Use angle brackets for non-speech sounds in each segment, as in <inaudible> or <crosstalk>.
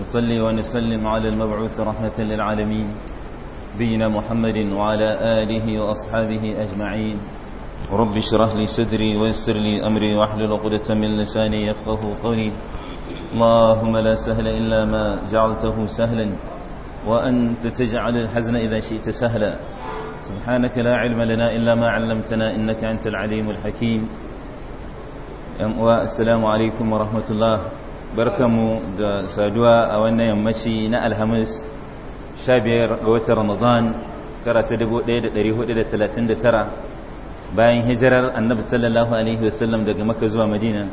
نصلي ونسلم على المبعوث رحمة للعالمين بينا محمد وعلى آله وأصحابه أجمعين رب اشرح لي صدري ويسر لي أمري واحلل عقدة من لساني يفقه قولي اللهم لا سهل إلا ما جعلته سهلا وأنت تجعل الحزن إذا شئت سهلا سبحانك لا علم لنا إلا ما علمتنا إنك أنت العليم الحكيم والسلام عليكم ورحمة الله barkamu da saduwa a wannan yammaci na alhamis 15 ga watan ramadan tara ta 1439 bayan hijirar annabi sallallahu alaihi wasallam daga maka zuwa madina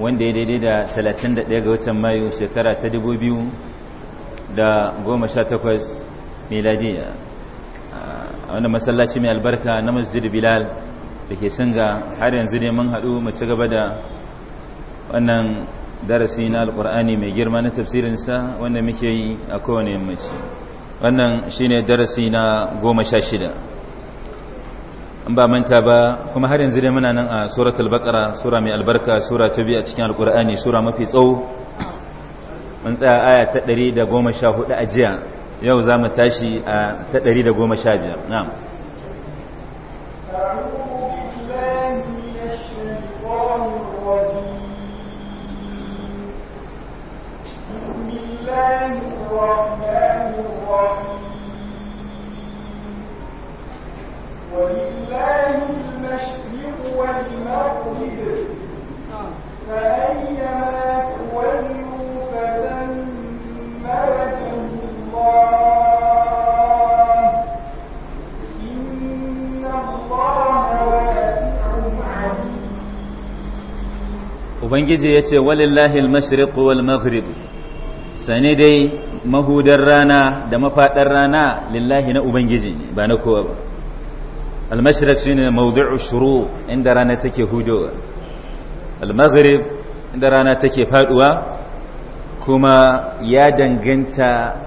wanda ya daidai da 31 ga watan mayu shekara ta 2018 miladiya a wannan masallaci mai albarka na masjid bilal da ke singa har yanzu ne mun haɗu mu ci gaba da wannan darasi na alkur'ani mai girma na tafsirinsa wanda muke yi a kowane yammaci wannan shi ne darasi na goma sha shida an ba manta ba kuma har yanzu dai muna nan a surat albakara sura mai albarka sura ta biyu a cikin alkur'ani sura mafi tsawo mun tsaya aya ta ɗari da goma sha hudu a jiya yau za mu tashi a ta ɗari da goma biyar na'am الرحمن الرحيم ولله المشرق والمغرب فأيما تولوا الله إن الله واسع عليم Ubangiji ya ce, Walillahi al-mashriq wal-maghrib, mahudar rana da mafaɗar rana lillahi na ubangiji ba na kowa ba almashirar shi ne maudu'u shuru inda rana take hudowa almaghrib inda rana take faduwa kuma ya danganta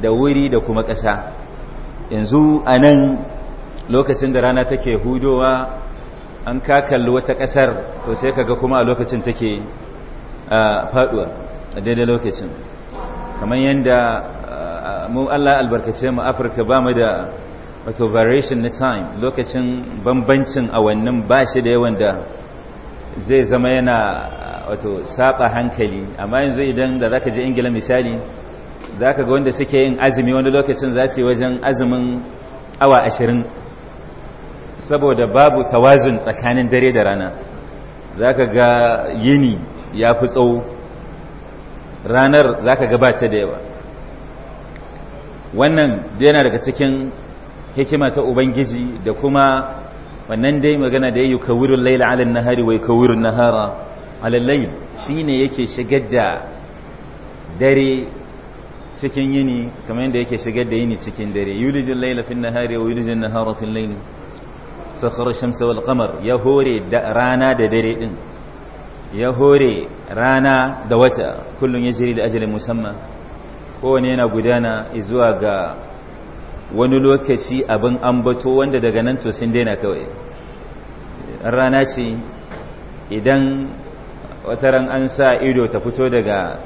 da wuri da kuma ƙasa yanzu a nan lokacin da rana take hudowa an kakalli wata ƙasar to sai kaga kuma a lokacin take faduwa a daidai lokacin kamar yadda uh, mu Allah albarkace mu Afirka ba mu da wato variation na time lokacin bambancin awannin ba shi da yawan da zai zama yana uh, wato saba hankali amma yanzu idan da zaka je ingila misali zaka ga wanda suke yin azumi wani lokacin za su yi wajen azumin awa ashirin saboda babu tawazun tsakanin dare da rana zaka ga yini ya fi tsawo ranar za ka gabata da yawa wannan yana daga cikin hikima ta ubangiji da kuma wannan dai magana da ya yi kawirun laila alin nahari wai kawirun nahara alallai shi ne yake shigar da dare cikin yini kamar yadda yake shigar da yini cikin dare yulijin laila fin nahari wa yulijin nahara fin laili sakhara shamsa wal qamar ya hore da rana da dare din ya hore rana da wata kullum ya jiri da ajalin musamman kowane yana gudana zuwa ga wani lokaci abin ambato wanda daga nan to sun daina kawai rana ce idan wataran an sa ido ta fito daga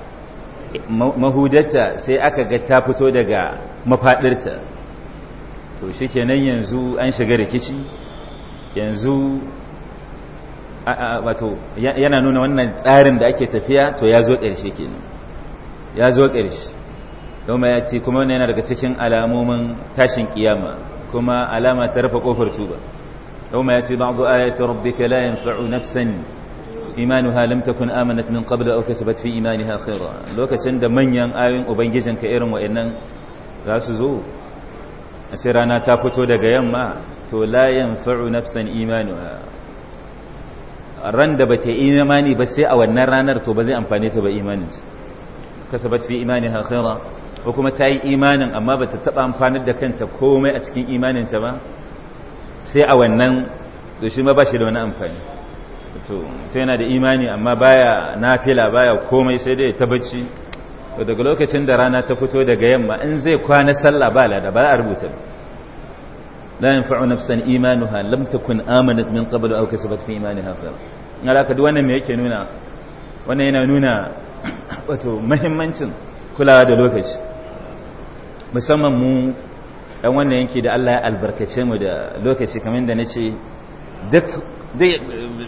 mahudarta sai aka ga ta fito daga mafaɗirta to shi kenan yanzu an shiga rikici yanzu wato yana nuna wannan tsarin da ake tafiya to ya zo ƙarshe kenan ya zo ƙarshe don ya ce kuma wannan yana daga cikin alamomin tashin kiyama kuma alama ta rufe ƙofar tuba don ya ce ba'du ayati ka la yanfa'u nafsan imanuha lam takun amanat min qabla aw kasabat fi imaniha khayra lokacin da manyan ayoyin ka irin wa'annan za su zo a ce rana ta fito daga yamma to la yanfa'u nafsan imanuha ran da bata imani ba sai a wannan ranar to ba zai amfane ta ba imaninsa kasabat fi imaniha khaira ko kuma ta yi imanin amma ba ta taba amfanar da kanta komai a cikin imaninta ba sai a wannan to shi ma ba shi da wani amfani to ta yana da imani amma baya nafila baya komai sai dai ta bacci daga lokacin da rana ta fito daga yamma in zai kwana sallah ba lada ba a rubuta la yanfa'u nafsan imanuha lam takun amanat min qablu aw kasabat fi imaniha khayr alaka wannan me yake nuna wannan yana nuna wato muhimmancin kulawa da lokaci musamman mu dan wannan yanki da Allah ya albarkace mu da lokaci kamar da nace duk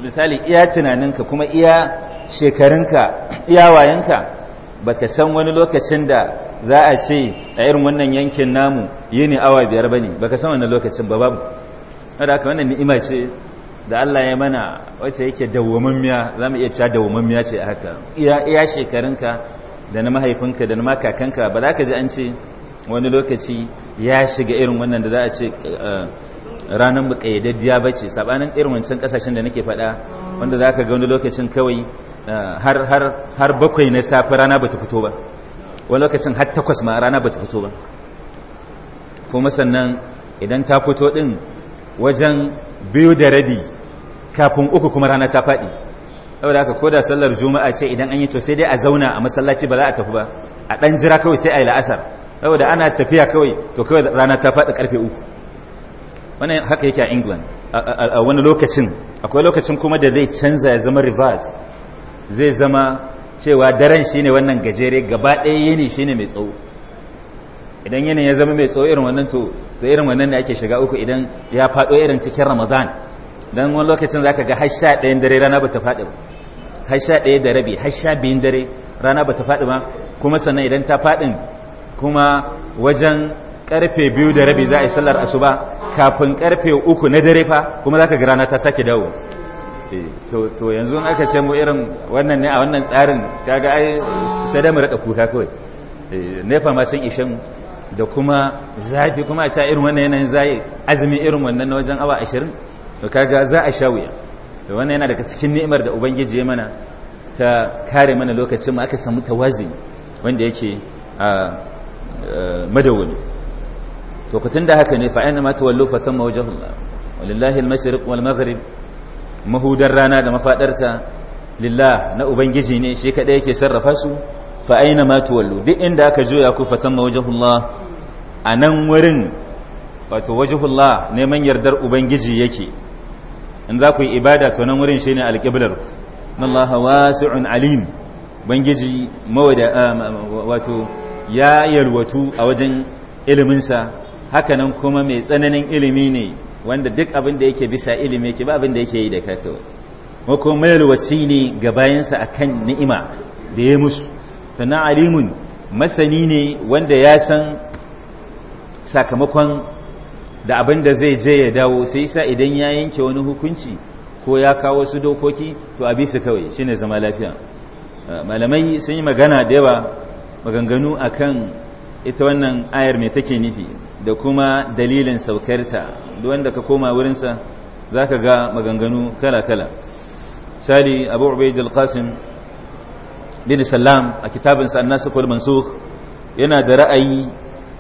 misali iya tunaninka kuma iya shekarunka iya wayanka ba ka san wani lokacin da za a ce a irin wannan yankin namu yi ne awa biyar ba ba baka san wani lokacin ba babu da aka wannan ni'ima ce da Allah ya mana wacce yake za mu iya cewa miya ce haka iya shekarunka da na mahaifinka da na makakanka ba za ka ji an ce wani lokaci ya shiga irin wannan da za a ce eh, ranar muƙayyadaddiya ba ce saɓanin irin wancan ƙasashen da nake faɗa wanda za ka ga wani lokacin kawai Ah, har har har bakwai na safe rana bata fito ba wani lokacin har takwas ma rana bata fito ba kuma sannan idan ta fito din wajen biyu da rabi kafin uku kuma rana ta faɗi saboda haka koda sallar juma'a ce idan an yi to sai dai a zauna a masallaci ba za a tafi ba a ɗan jira kawai sai a yi la'asar saboda ana tafiya kawai to kawai rana ta faɗi ƙarfe uku Wani haka yake a england a wani lokacin akwai lokacin kuma da zai canza ya zama reverse zai zama cewa daren shine wannan gajere gaba ɗaya yini shine mai tsawo idan yini ya zama mai tsawo irin wannan to to irin wannan da ake shiga uku idan ya faɗo irin cikin ramadan don wani lokacin za ka ga hasha ɗayan dare rana ba ta faɗi ba hasha ɗaya da rabi hasha biyun dare rana ba ta faɗi ba kuma sannan idan ta faɗin kuma wajen ƙarfe biyu da rabi za a yi sallar asuba kafin ƙarfe uku na dare fa kuma za ka ga rana ta sake dawo Eh, to yanzu aka ce mu irin wannan ne a wannan tsarin kaga ai sai da mu rika kuka kawai eh, nefa ma san ishe da kuma zafi kuma a ca irin wannan yanayin zai azumi irin wannan na wajen awa 20 to kaga za a sha wuya to wannan yana daga cikin ni'imar da ubangiji ya mana ta kare mana lokacin mu aka samu tawazi wanda yake a madawwami to kutun da haka ne fa aina ma tawallu fa thumma wajhullah walillahi al-mashriq wal maghrib mahudar rana da mafadarta lillah na ubangiji ne shi kadai yake sarrafa su fa aina ma tuwallu duk inda aka juya ku fa tamma wajhullah anan wurin wato wajhullah neman yardar ubangiji yake in za ku yi ibada to nan wurin shine alqiblar Allah wasi'un alim ubangiji mawada ah, wato ya yalwatu a wajen iliminsa hakanan kuma mai tsananin ilimi ne wanda duk abin da yake bisa ilimi yake ba abin da yake yi da kato kawai ko ne ga bayansa akan ni'ima da ya musu tana alimun masani ne wanda ya san sakamakon da abin da zai je ya dawo sai sa idan ya yanke wani hukunci ko ya kawo wasu dokoki to a bisa kawai shine zama lafiya uh, malamai sun yi magana da yawa maganganu akan ita wannan ayar mai take nufi da kuma dalilin saukarta duk wanda ka koma wurinsa za ka ga maganganu kala-kala sali abu ubaid al-qasim bin salam a kitabinsa annasu kul mansukh yana da ra'ayi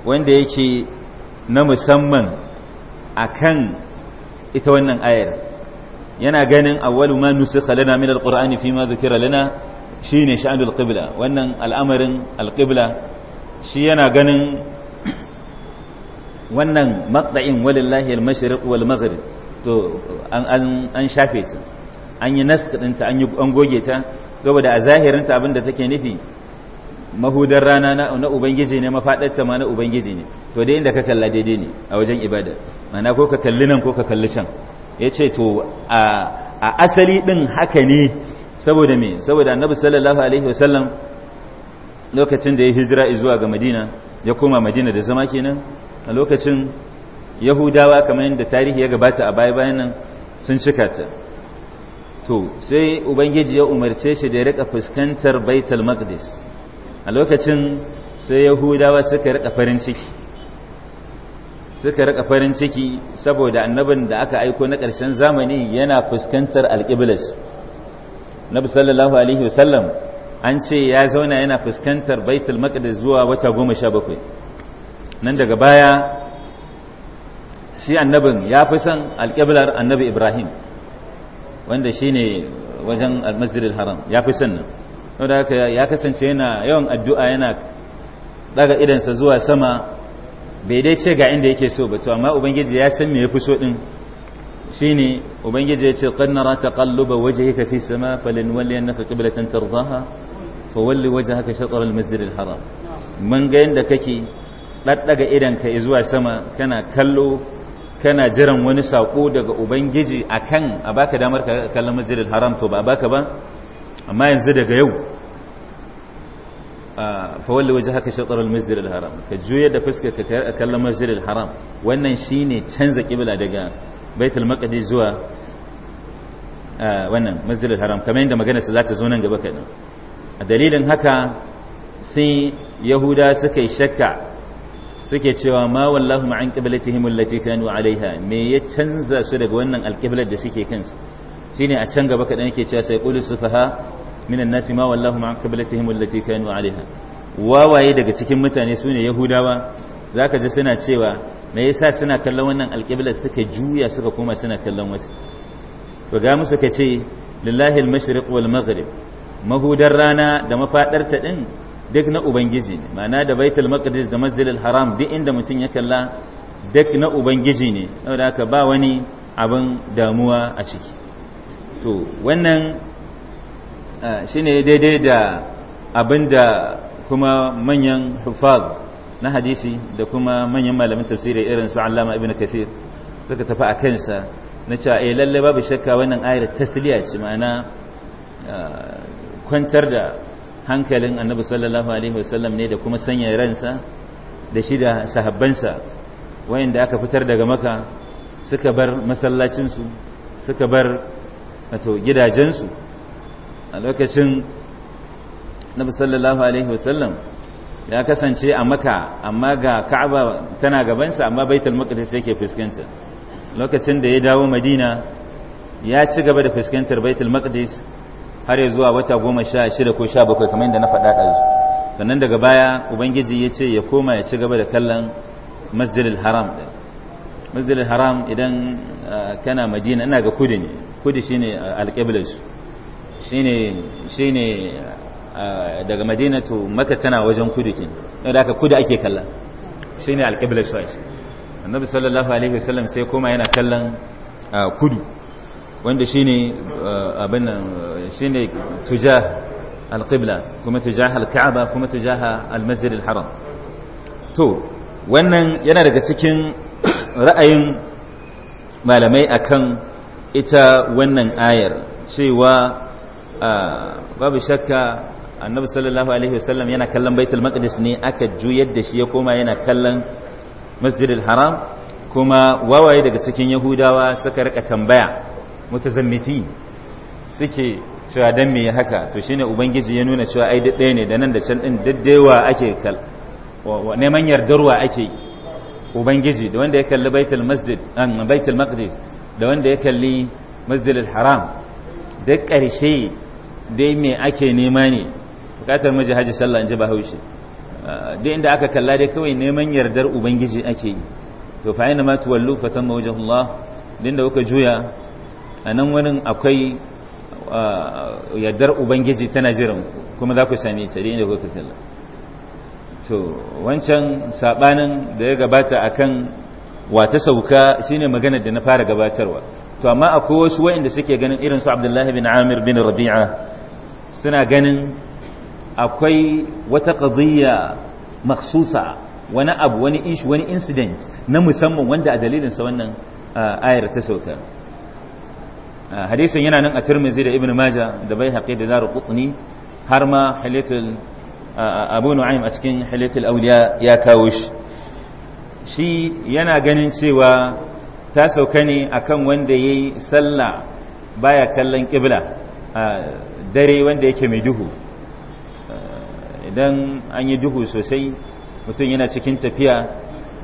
wanda yake na musamman akan ita wannan ayar yana ganin awwalu ma nusikha lana min alqur'ani fi ma dhukira lana shine sha'anul qibla wannan al'amarin alqibla shi yana ganin wannan maqda'in walillahi al-mashriq wal maghrib to an an shafe ta an yi nasta ta an goge ta saboda a zahirin ta abinda take nufi mahudar rana na ubangiji ne mafadar ta ma na ubangiji ne to dai inda ka kalla daidai ne a wajen ibada mana ko ka kalli nan ko ka kalli can ya ce to a asali ɗin haka ne saboda me saboda annabi sallallahu alaihi wasallam lokacin da ya hijira zuwa ga madina ya koma madina da zama kenan a lokacin yahudawa kamar yadda tarihi ya gabata a baya bayan nan sun cika ta to sai ubangiji ya umarce shi da ya rika fuskantar baital maqdis a lokacin sai yahudawa suka rika farin ciki suka rika farin ciki saboda annabin da aka aiko na ƙarshen zamani yana fuskantar alƙiblas nabi sallallahu alaihi wasallam an ce ya zauna yana fuskantar baital maqdis zuwa wata goma sha bakwai nan daga baya shi annabin ya fi son alƙiblar annabi ibrahim wanda shi ne wajen almasjidil haram ya fi son nan haka ya kasance yana yawan addu'a yana daga idansa zuwa sama bai dai ce ga inda yake so ba to amma ubangiji ya san me ya fi so din ne ubangiji ya ce qad ba waje wajhika fi sama yana falinwalliyannaka qiblatan tardaha fa wajhaka waje haka masjid masjidil haram man ga yanda kake ɗaɗɗaga idanka zuwa sama kana kallo kana jiran wani saƙo daga ubangiji a kan a baka damar ka kallon masjidar haram to ba a baka ba amma yanzu daga yau a walle waje haka shaɗarar masjidar haram ka juya da fuskar ka kallon masjidar haram wannan shine canza ƙibla daga baitul maqdis zuwa wannan masjidar haram kamar yadda magana su za ta zo nan gaba kaɗan a dalilin haka sai yahuda suka yi shakka suke cewa ma wallahu ma'an qiblatihim allati kanu alaiha me ya canza su daga wannan alqiblat da suke kansu shine a can gaba kadan yake cewa sai qulu sufaha minan nasi ma wallahu ma'an qiblatihim allati kanu alaiha wawaye daga cikin mutane sune yahudawa zaka ji suna cewa me yasa suna kallon wannan alqiblat suka juya suka koma suna kallon wata to ga musu kace lillahi al-mashriq wal maghrib mahudar rana da mafadarta din duk na ubangiji ne ma'ana da baitul maqdis da masjidil haram duk inda mutum ya kalla duk na ubangiji ne saboda haka ba wani abin damuwa a ciki to wannan shine daidai da abin da kuma manyan hufaz na hadisi da kuma manyan malamin tafsiri irin su Allama Ibn Kathir suka tafi a kansa na cewa eh lalle babu shakka wannan ayar tasliya ce ma'ana kwantar da hankalin annabi sallallahu alaihi wasallam ne da kuma sanya ransa da shi da sahabbansa wayanda aka fitar daga maka suka bar masallacinsu suka bar wato gidajensu a lokacin annabi sallallahu alaihi wasallam ya kasance a maka amma ga ka'aba tana gabansa amma baitul maqdis yake fuskanta lokacin da ya dawo madina ya ci gaba da fuskantar baitul maqdis har zuwa wata goma sha shida ko sha bakwai kamar yadda na faɗa ɗazu sannan daga baya ubangiji ya ce ya koma ya ci gaba da kallon masjidil haram ɗin masjidil haram idan kana madina ina ga kudu ne kudu shine alƙiblar su shine shine daga madina to maka tana wajen kudu ke saboda haka kudu ake kalla shine alƙiblar su annabi sallallahu alaihi wasallam sai koma yana kallon kudu wanda shine eh, abin nan shine tujah qibla kuma tujah alka'aba kuma tujah almasjid haram to wannan yana daga cikin <coughs> ra'ayin malamai akan ita wannan ayar cewa eh, babu shakka annabi sallallahu alaihi wasallam yana kallon baitul maqdis ne aka juyar da shi ya koma yana kallon masjidil haram kuma wawaye daga cikin yahudawa suka rika tambaya mutazammitin suke cewa dan me haka to shine ubangiji ya nuna cewa ai ɗaya ne da nan da can din daddewa ake kal neman yardarwa ake ubangiji da wanda ya kalli baitul masjid an baitul maqdis da wanda ya kalli al haram da ƙarshe dai me ake nema ne bukatar miji haji sallah in ji bahaushe ah, dai inda aka kalla dai kawai neman yardar ubangiji ake yi to fa ma tuwallu fa thamma wajhullah dinda kuka juya a nan wurin akwai yardar ubangiji tana jiran kuma za ku sami ta da kuka talla to wancan sabanin da ya gabata akan wata sauka shine magana da na fara gabatarwa to amma akwai wasu waɗanda suke ganin irin su Abdullahi bin Amir bin Rabi'a suna ganin akwai wata qadiyya maksusa wani abu wani ish wani incident na musamman wanda a dalilin sa wannan ayar ta sauka hadisin yana nan a turmizi da ibn maja da bai haƙi da zaru kutni har ma halittul abu nu'aim a cikin halittul auliya ya kawo shi shi yana ganin cewa ta sauka ne akan wanda ya yi sallah baya kallon ƙibla a dare wanda yake mai duhu idan an yi duhu sosai mutum yana cikin tafiya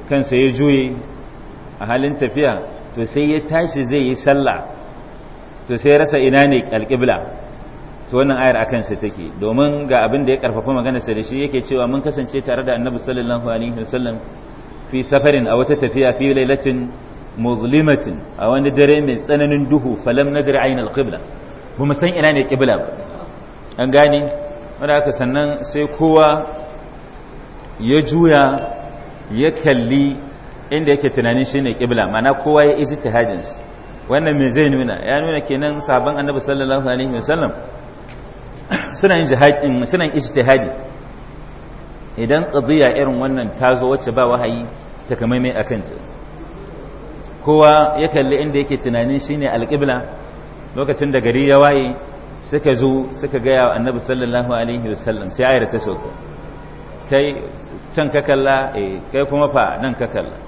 kansa ya juye a halin tafiya to sai ya tashi zai yi sallah to sai rasa ina ne alƙibla to wannan ayar akan sai take domin ga abin da ya karfafa magana sai da shi yake cewa mun kasance tare da annabi sallallahu alaihi wasallam fi safarin a wata tafiya fi lailatin muzlimatin a wani dare mai tsananin duhu falam nadri ayna alqibla ba mu san ina ne qibla ba an gane wanda aka sannan sai kowa ya juya ya kalli inda yake tunanin shine qibla mana kowa ya ijtihadin shi wannan me zai nuna ya nuna kenan sabon annabi sallallahu alaihi wasallam suna yin jihadin suna yin ijtihadi idan qadiya irin wannan ta zo wacce ba wahayi ta mai akan ta kowa ya kalli inda yake tunanin shine alqibla lokacin da gari ya waye suka zo suka gaya wa annabi sallallahu alaihi wasallam sai ayar ta sauka kai can ka kalla eh kai kuma fa nan ka kalla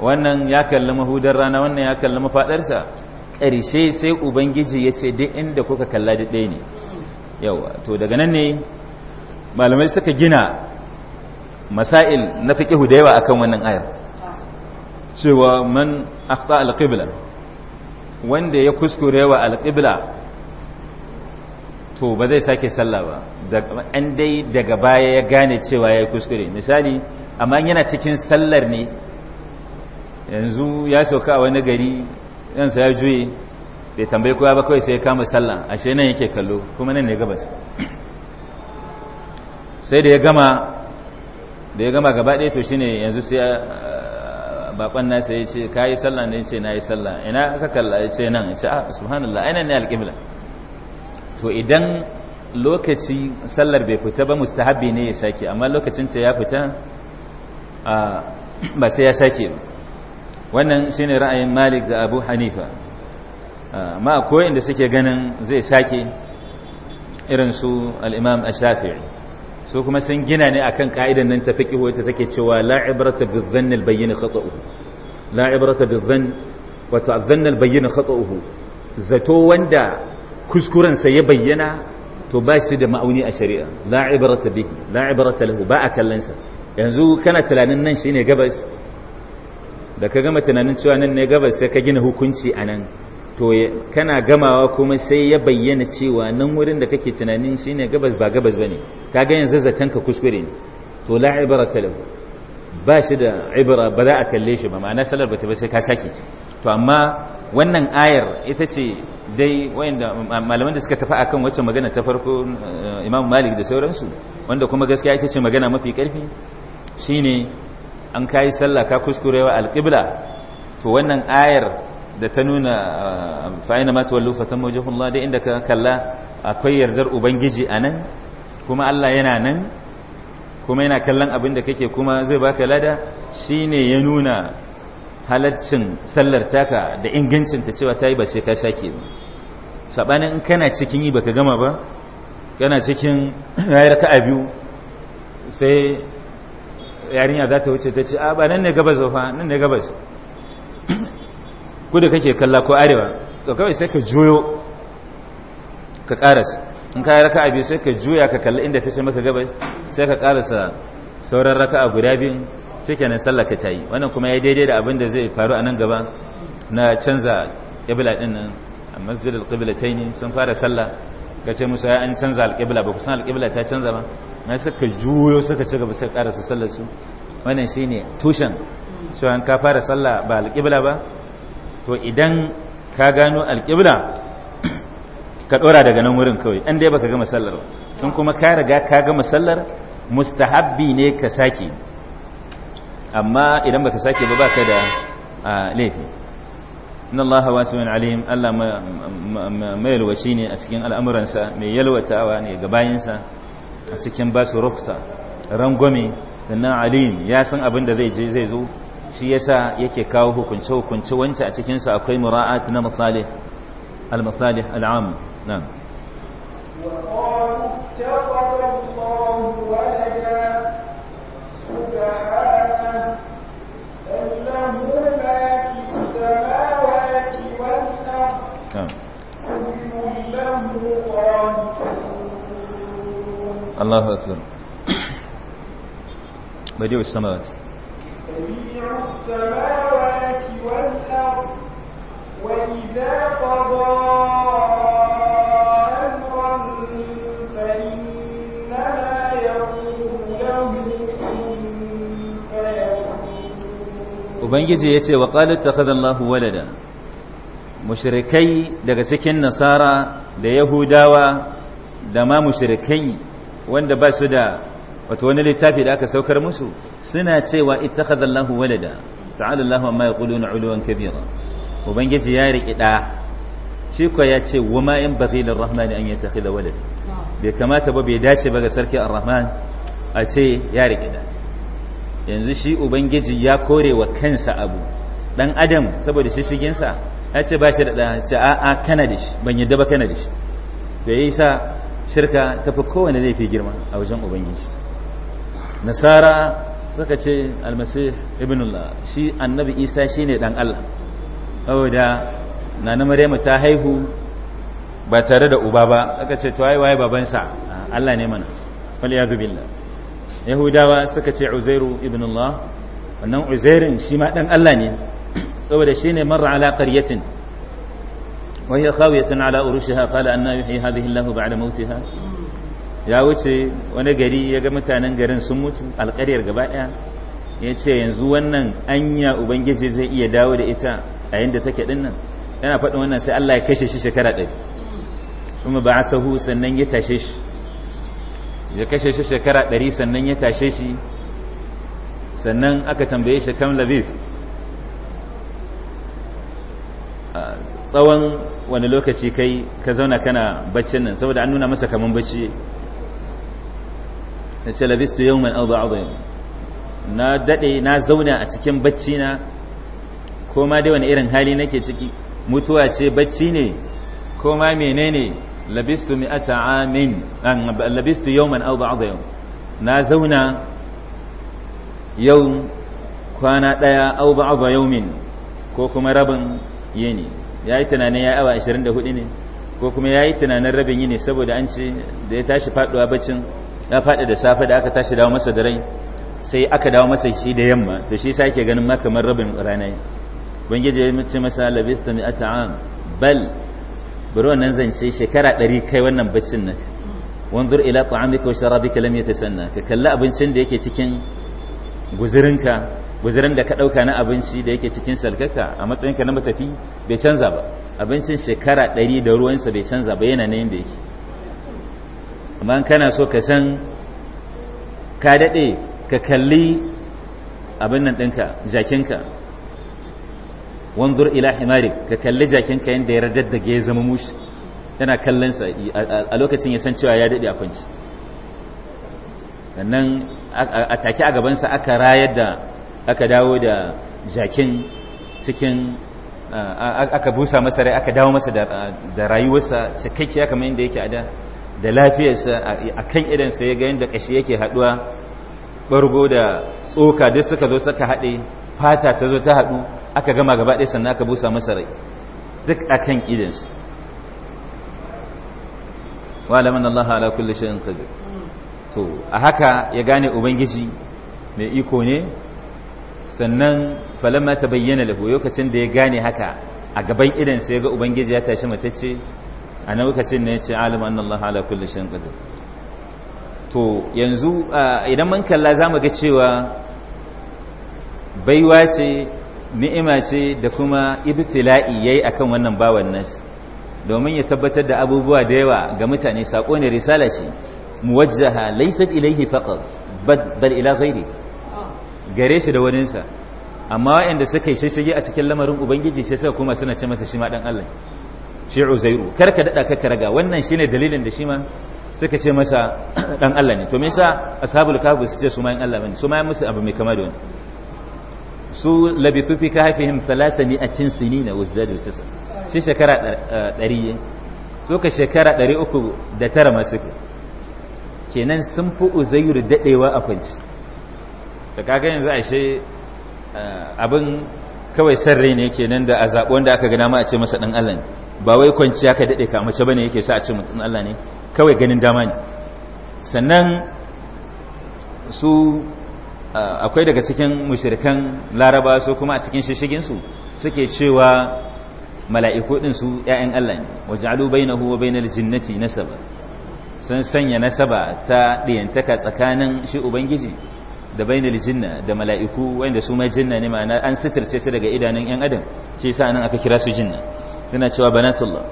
wannan ya kalli mahudar rana wannan ya kalli mafadarsa ƙarshe sai ubangiji ya ce duk inda kuka kalla da ɗaya ne yawa to daga nan ne malamai suka gina masail na fiqihu da yawa akan wannan ayar cewa man akhta alƙibla wanda ya kuskure wa alƙibla to ba zai sake sallah ba an dai daga baya ya gane cewa ya kuskure misali amma yana cikin sallar ne yanzu ya sauka a wani gari yansa ya juye bai tambayi kowa ba kawai sai ya kama sallah ashe nan yake kallo kuma nan ne gabas sai da ya gama da ya gama gaba ɗaya to shine yanzu sai bakon nasa ya ce ka yi sallah ne ce na yi sallah ina aka kalla ya ce nan ce ah subhanallah aina ne alƙimla to idan lokaci sallar bai fita ba mustahabi ne ya sake amma lokacin ta ya fita ba sai ya sake ba wannan shine ra'ayin malik da abu hanifa ah, ma akwai inda suke ganin zai sake irin su al-imam shafii su kuma sun gina ne akan ka'idan nan ta fiqh wacce take cewa la ibrata bi dhann al-bayyin khata'uhu bi zan wa ta'dhann al-bayyin khata'uhu zato wanda kuskurensa ya bayyana to ba shi da ma'auni a shari'a la ibrata bihi lahu ba a kallonsa yanzu kana tunanin nan shine gabas da ka gama tunanin cewa nan ne gabas sai ka gina hukunci a nan to kana gamawa kuma sai ya bayyana cewa nan wurin da kake tunanin shi ne gabas ba gabas ba ne ta yanzu zazzatanka ka kuskure ne to la'ibara ibrata ba shi da ibra ba za a kalle shi ba ma'ana salar ba ta ba sai ka sake to amma wannan ayar ita ce dai wayanda malaman da suka tafi akan wacce magana ta farko eh, Imam Malik da sauransu wanda kuma gaskiya ita ce magana mafi karfi shine an kayi sallah ka kuskurewa alƙibla to wannan ayar da ta nuna uh, fa'ina mata wallo fatan mawajahullah da inda ka kalla akwai yardar ubangiji a nan kuma Allah yana nan kuma yana kallon abin da kake kuma zai baka lada shi ne ya nuna halarcin sallar taka da ingancin ta cewa ta yi ba sai ka sake ba saɓanin in kana cikin yi baka gama ba kana cikin rayar ka a biyu sai yarinya za ta wuce ta ce a ba nan ne gabas fa nan ne gabas kudu kake kalla ko arewa to kawai sai ka juyo ka karas in ka raka abi sai ka juya ka kalla inda ta ce maka gabas sai ka karasa sauran raka a guda biyun sai kenan sallah ka tayi wannan kuma ya daidai da abin da zai faru a nan gaba na canza kibla din nan a masjidul qiblatayn sun fara sallah ka ce musa ya an canza alƙibla ba ku san alƙibla ta canza ba na suka juyo suka ci gaba suka ƙarasa sallar su wannan shi ne tushen cewa ka fara sallar ba alƙibla ba to idan ka gano alƙibla <clears throat> ka ɗora daga nan wurin kawai ɗan dai baka gama sallar in kuma ka riga ka gama sallar mustahabbi ne ka sake amma idan baka sake ba ka da ah, laifi inna allaha wasi'un alim Allah mai yalwaci ne a cikin al'amuransa mai yalwatawa ne ga bayansa a cikin basu rufsa rangwame sannan alim ya san abin da zai je zai zo shi yasa yake kawo hukunce hukunce wance a cikin sa akwai mura'at na masalih al masalih wa qalu Allahu akbar badi'u samawati badi'u samawati wal ard wa ubangiji ya ce wa ƙalit ta Allahu walada mushirikai daga cikin nasara da yahudawa da ma mushirikai wanda ba su da wato wani littafi da aka saukar musu suna cewa ita Allahu walada ta'ala Allahu amma yaquluna 'uluwan kabira ubangiji ya riki da shi ko ya ce wa ma bazil arrahman an yattakhidha walada bai kamata ba bai dace ba ga sarki arrahman rahman a ce ya riki da yanzu shi ubangiji ya kore wa kansa abu dan adam saboda shishiginsa ya ce ba shi da ɗa ce a'a kana da shi ban yadda ba kana da shi bai yi sa shirka tafi kowane laifi girma a wajen ubangiji nasara suka ce almasih ibnullah shi annabi isa shi ne dan Allah na na maryamu ta haihu ba tare da uba ba aka ce to waye babansa Allah ne mana wal ya billah yahudawa suka ce uzairu ibnullah wannan uzairin shi ma dan Allah ne saboda shi ne mara alaƙar yatin وهي خاوية على أرشها قال أن يحيي هذه الله بعد موتها ya wuce wani gari ya ga mutanen garin sun mutu alƙaryar gaba ɗaya ya ce yanzu wannan anya ubangiji zai iya dawo da ita a yadda take ɗin nan yana faɗin wannan sai Allah ya kashe shi shekara ɗari kuma ba sahu sannan ya tashe shi ya kashe shi shekara ɗari sannan ya tashe shi sannan aka tambaye shi kam labis tsawon wani lokaci kai ka zauna kana baccin nan saboda an nuna masa kaman bacci na ce labistu yau man au ba'adu na daɗe na zauna a cikin bacci na ko ma dai wani irin hali nake ciki mutuwa ce bacci ne ko ma menene labistu mi'ata amin labistu yau man au ba'adu yau na zauna yau kwana ɗaya au ba'adu yau min ko kuma rabin yini ya yi tunanin ya awa 24 ne ko kuma ya yi tunanin rabin yi ne saboda an ce da ya tashi faduwa bacin ya faɗi da safe da aka tashi dawo masa da rai sai aka dawo masa shi da yamma to shi sake ganin ma kamar rabin rana ne ubangiji ya mace masa labista mi ata'am bal bari wannan zance shekara ɗari kai wannan bacin nan wanzur ila ta'amika wa sharabika lam yatasanna ka kalla abincin da yake cikin guzurinka guzirin da ka ɗauka na abinci da yake cikin salkaka a matsayinka na matafi bai canza ba abincin shekara ɗari da ruwansa bai canza ba yana yin da yake amma kana so ka san ka daɗe ka kalli abin nan ɗinka jakinka wanzur ila himari ka kalli jakinka yadda ya da ya zama mushi yana kallonsa a lokacin ya san cewa ya daɗe a kwanci sannan a take a gabansa aka rayar da aka dawo da jakin cikin aka busa masa rai aka dawo masa da rayuwarsa cikakkiya kamar yadda yake a da da lafiyarsa a kan idansa ya ga yadda ƙashi yake haɗuwa ɓargo da tsoka duk suka zo suka haɗe fata ta zo ta haɗu aka gama gaba ɗaya sannan aka busa masa rai duk a kan idansa alamun Allah ala kulli shayin qadir to a haka ya gane ubangiji mai iko ne sannan falamma ta bayyana lahu lokacin da ya gane haka a gaban idan sai ga ubangiji ya tashi matacce a lokacin ne ya ce alim annan Allah ala kulli shan qadir to yanzu idan mun kalla za mu ga cewa baiwa ce ni'ima ce da kuma ibtila'i yayi akan wannan bawan nashi domin ya tabbatar da abubuwa da yawa ga mutane sako ne risala ce muwajjaha laysat ilayhi faqat bal ila ghairihi gare shi da waninsa amma waɗanda suka yi shishige a cikin lamarin ubangiji sai suka kuma suna ce masa shi ma dan Allah shi uzairu kar ka dada ka raga wannan shi ne dalilin da shi ma suka ce masa dan <clears throat> Allah ne to me yasa ashabul kahfi su ce su ma yan Allah bane su ma musu abu mai kama da wani su ka labithu fi kahfihim thalathani atin sinina wazdadu tisa shi shekara ɗari 100 so ka shekara ɗari uku da tara masu kenan sun fi uzairu dadewa a kwanci da kaga yanzu ashe eh, abin kawai sarri ne kenan da a zaɓi wanda aka gana ma a ce masa ɗan Allah ne ba wai kwanciya ka daɗe ka mace ne yake sa a ce mutum Allah ne kawai ganin dama ne sannan su eh, akwai daga cikin mushirikan laraba su kuma a cikin shishiginsu suke cewa mala'iku ɗinsu ‘ya'yan Allah ne waje alu bai na huwa bai na jinnati nasaba sun sanya nasaba ta ɗiyantaka tsakanin shi ubangiji da bainal jinna da mala'iku wanda su ma jinna ne ma'ana an sitirce su daga idanun yan adam shi yasa nan aka kira su jinna suna cewa banatullah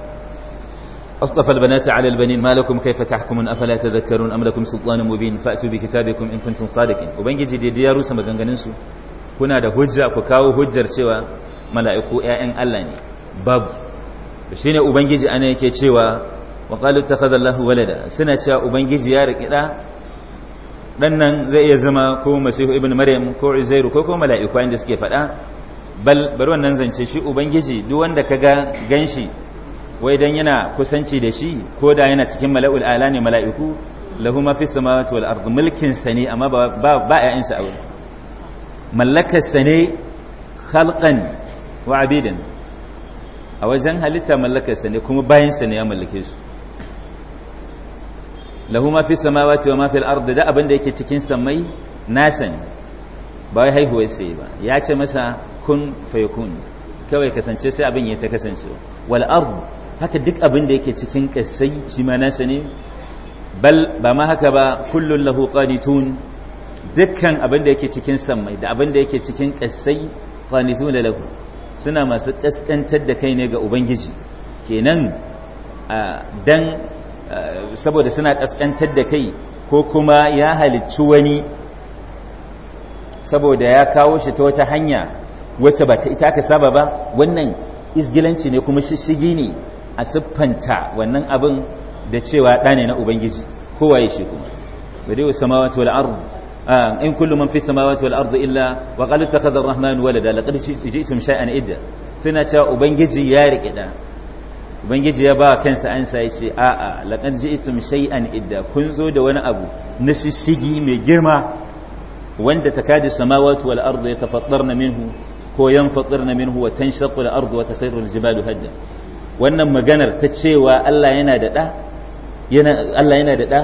أصطفى البنات على البنين ما لكم كيف تحكمون أفلا تذكرون أم لكم سلطان مبين فأتوا بكتابكم إن كنتم صادقين وبنجي دي ديارو سما غنغننسو كنا da hujja ku kawo hujjar cewa mala'iku ƴaƴan Allah ne babu shine ubangiji ana yake cewa wa qalu takhadha Allahu walada suna cewa ubangiji ya riki dan nan zai iya zama ko masihu ibn maryam ko uzairu ko ko mala'iku inda suke faɗa bal bari wannan zance shi ubangiji duk wanda ka ga ganshi wai dan yana kusanci da shi ko da yana cikin mala'ul ala ne mala'iku lahu ma fi samawati wal ardi mulkin sani amma ba ba ya'in sa aure mallaka sani khalqan wa abidan a wajen halitta mallaka sani kuma bayan sani ne ya mallake su lahu ma fi samawati wa ma fil ardi da abin da yake cikin samai na ne ba wai haihuwar sai ba ya ce masa kun fayakun kawai kasance sai abin ya ta kasance wal ardu haka duk abin da yake cikin kasai shi ma na sani bal ba ma haka ba kullun lahu qanitun dukkan abin da yake cikin samai da abin da yake cikin kasai qanitun lahu suna masu kaskantar da kai ne ga ubangiji kenan dan saboda suna kaskantar da kai ko kuma ya halicci wani saboda ya kawo shi ta wata hanya wacce ba ta ita aka saba ba wannan isgilanci ne kuma shishigi ne a siffanta wannan abin da cewa ɗane na ubangiji kowa ya shi kuma bade wasu samawati wal ardu in kullum man fi samawati wal ardu illa wa qalu takhadha ar-rahman walada laqad ji'tum shay'an idda suna cewa ubangiji ya riƙe ubangiji ya ba wa kansa ansa ya ce a'a laqad ji'tum shay'an idda kun zo da wani abu na shishigi mai girma wanda ta takadi samawati wal ardu yatafattarna minhu ko yanfatirna minhu wa tan tanshaqqu al ardu wa tasirru al jibalu hadda wannan maganar ta cewa Allah yana da da yana Allah yana da da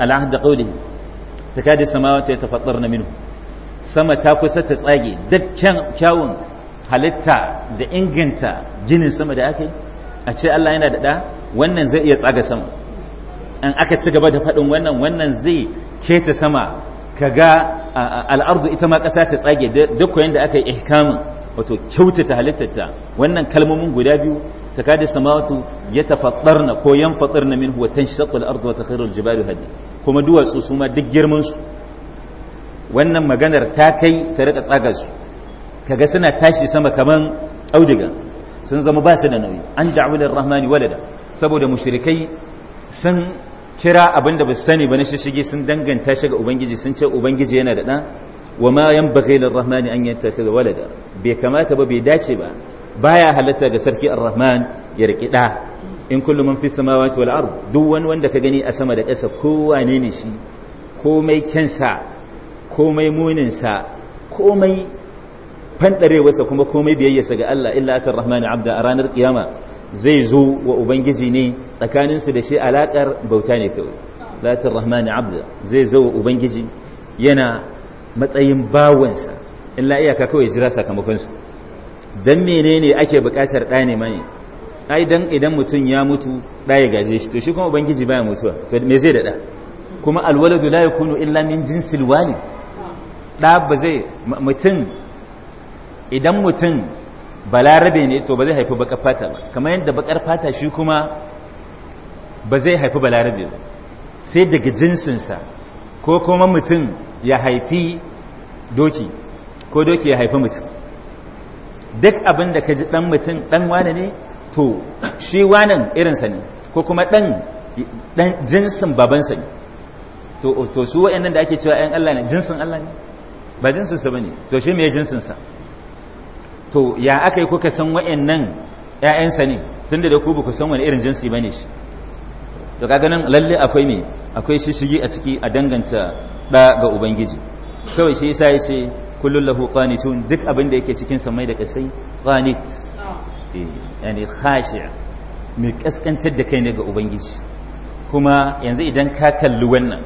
ala hadda qawli takadi samawati yatafattarna minhu sama ta kusa ta tsage dukkan kyawun halitta da inganta ginin sama da aka yi a ce Allah yana da ɗa wannan zai iya tsaga sama an aka ci gaba da faɗin wannan wannan zai keta sama ga al'ardu ita ma ƙasa ta tsage duk da aka yi ihkamin wato kyautata halittarta wannan kalmomin guda biyu ta kada samawatu ya na ko yan faɗarna min huwa tan shaƙul ardu wa takhirul jibalu hadi kuma duwatsu su ma duk girman su wannan maganar ta kai ta rika tsaga su kaga suna tashi sama kaman audiga sun zama ba su da nauyi an da'u rahmani walada saboda mushrikai sun kira abin da ba sani ba na shishige sun danganta shi ga ubangiji sun ce ubangiji yana da ɗan wa ma yan bagai rahmani an yanta ta walada bai kamata ba bai dace ba baya halatta ga sarki ar-rahman ya riki ɗa in kullu man fi samawati wal ard duk wani wanda ka gani a sama da ƙasa wane ne shi komai kensa komai muninsa komai fandarewarsa kuma komai biyayyarsa ga Allah illa atar rahmani abda a ranar kiyama zai zo wa ubangiji ne tsakaninsu da shi alakar bauta ne kawai latar rahmani abda zai zo wa ubangiji yana matsayin bawansa illa iyaka kawai jira sakamakonsa dan menene ake buƙatar ɗa ne mani ai dan idan mutum ya mutu ɗa ya gaje shi to shi kuma ubangiji baya mutuwa to me zai daɗa? kuma alwaladu la yakunu illa min jinsil walid ɗa ba zai mutum idan mutum balarabe ne to ba zai haifi bakar fata ba kamar yadda bakar fata shi kuma ba zai haifi balarabe ba sai daga jinsinsa ko kuma mutum ya haifi doki ko doki ya haifi mutum duk abin da ka ji ɗan mutum ɗan wane ne to shi wanan irinsa ne ko kuma ɗan jinsin babansa ne to su waɗannan da ake cewa ‘yan Allah ne jinsin Allah ne ba jinsinsa ba ne to shi mai jinsinsa to ya aka yi kuka san wa'annan ƴaƴansa ne tunda da ku san wani irin jinsi ne shi Da kaga nan lalle akwai ne akwai shishigi a ciki a danganta da ga ubangiji kawai shi yasa ce kullum lahu qanitun duk abin da yake cikin samai da ƙasai ƙanit. Eh, yani khashi' mai kaskantar da kai ne ga ubangiji kuma yanzu idan ka kalli wannan